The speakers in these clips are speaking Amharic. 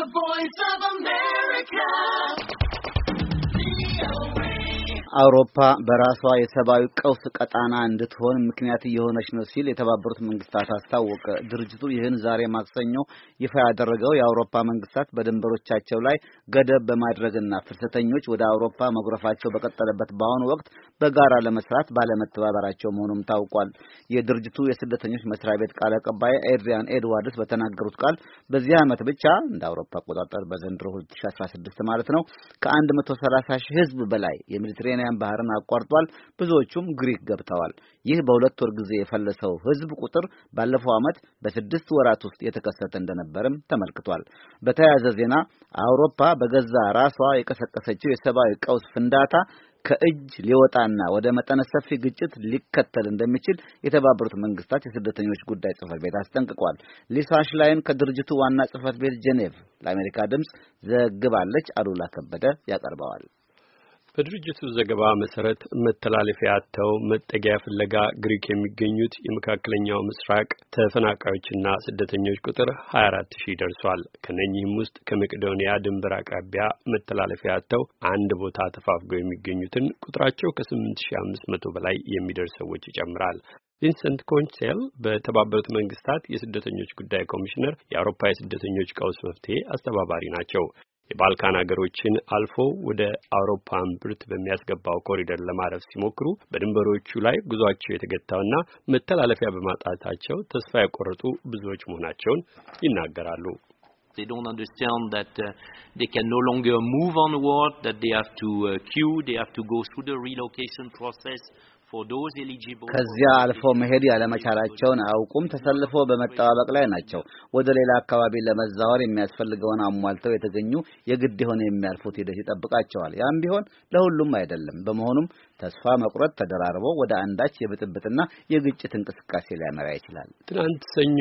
The Voice of America. አውሮፓ በራሷ የሰብአዊ ቀውስ ቀጣና እንድትሆን ምክንያት እየሆነች ነው ሲል የተባበሩት መንግስታት አስታወቀ። ድርጅቱ ይህን ዛሬ ማክሰኞ ይፋ ያደረገው የአውሮፓ መንግስታት በድንበሮቻቸው ላይ ገደብ በማድረግና ፍልሰተኞች ወደ አውሮፓ መጉረፋቸው በቀጠለበት በአሁኑ ወቅት በጋራ ለመስራት ባለመተባበራቸው መሆኑም ታውቋል። የድርጅቱ የስደተኞች መስሪያ ቤት ቃል አቀባይ ኤድሪያን ኤድዋርድስ በተናገሩት ቃል በዚህ ዓመት ብቻ እንደ አውሮፓ አቆጣጠር በዘንድሮ 2016 ማለት ነው ከ130 ሺህ ህዝብ በላይ የሜዲትሬኒያን ባህርን አቋርጧል። ብዙዎቹም ግሪክ ገብተዋል። ይህ በሁለት ወር ጊዜ የፈለሰው ህዝብ ቁጥር ባለፈው ዓመት በስድስት ወራት ውስጥ የተከሰተ እንደነበርም ተመልክቷል። በተያያዘ ዜና አውሮፓ በገዛ ራሷ የቀሰቀሰችው የሰብአዊ ቀውስ ፍንዳታ ከእጅ ሊወጣና ወደ መጠነ ሰፊ ግጭት ሊከተል እንደሚችል የተባበሩት መንግስታት የስደተኞች ጉዳይ ጽህፈት ቤት አስጠንቅቋል። ሊሳ ሽላይን ከድርጅቱ ዋና ጽህፈት ቤት ጄኔቭ ለአሜሪካ ድምፅ ዘግባለች። አሉላ ከበደ ያቀርበዋል። በድርጅቱ ዘገባ መሰረት መተላለፊያ አጥተው መጠጊያ ፍለጋ ግሪክ የሚገኙት የመካከለኛው ምስራቅ ተፈናቃዮችና ስደተኞች ቁጥር 24 ሺህ ደርሷል። ከነኚህም ውስጥ ከመቄዶንያ ድንበር አቅራቢያ መተላለፊያ አጥተው አንድ ቦታ ተፋፍገው የሚገኙትን ቁጥራቸው ከ8500 በላይ የሚደርስ ሰዎች ይጨምራል። ቪንሰንት ኮንሴል በተባበሩት መንግስታት የስደተኞች ጉዳይ ኮሚሽነር የአውሮፓ የስደተኞች ቀውስ መፍትሄ አስተባባሪ ናቸው። የባልካን ሀገሮችን አልፎ ወደ አውሮፓ እምብርት በሚያስገባው ኮሪደር ለማረፍ ሲሞክሩ በድንበሮቹ ላይ ጉዟቸው የተገታውና መተላለፊያ በማጣታቸው ተስፋ የቆረጡ ብዙዎች መሆናቸውን ይናገራሉ። They don't understand that uh, they can no longer move onward, that they have to uh, queue, they have to go through the relocation process. ከዚያ አልፎ መሄድ ያለመቻላቸውን አያውቁም። ተሰልፎ በመጠባበቅ ላይ ናቸው። ወደ ሌላ አካባቢ ለመዛወር የሚያስፈልገውን አሟልተው የተገኙ የግድ የሆነ የሚያልፉት ሂደት ይጠብቃቸዋል። ያም ቢሆን ለሁሉም አይደለም። በመሆኑም ተስፋ መቁረጥ ተደራርቦ ወደ አንዳች የብጥብጥና የግጭት እንቅስቃሴ ሊያመራ ይችላል። ትናንት ሰኞ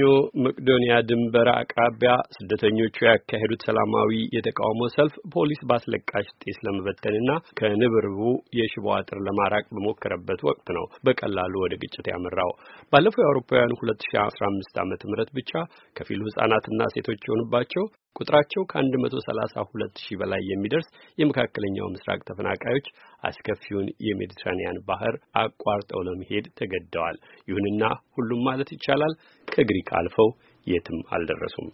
መቅዶኒያ ድንበር አቅራቢያ ስደተኞች ሰልፈኞቹ ያካሄዱት ሰላማዊ የተቃውሞ ሰልፍ ፖሊስ ባስለቃሽ ጤስ ለመበተንና ከንብርቡ የሽቦ አጥር ለማራቅ በሞከረበት ወቅት ነው በቀላሉ ወደ ግጭት ያመራው። ባለፈው የአውሮፓውያኑ 2015 ዓመተ ምህረት ብቻ ከፊሉ ህጻናትና ሴቶች የሆኑባቸው ቁጥራቸው ከ ሁለት ሺህ በላይ የሚደርስ የመካከለኛው ምስራቅ ተፈናቃዮች አስከፊውን የሜዲትራኒያን ባህር አቋርጠው ለመሄድ ተገደዋል። ይሁንና ሁሉም ማለት ይቻላል ከግሪክ አልፈው የትም አልደረሱም።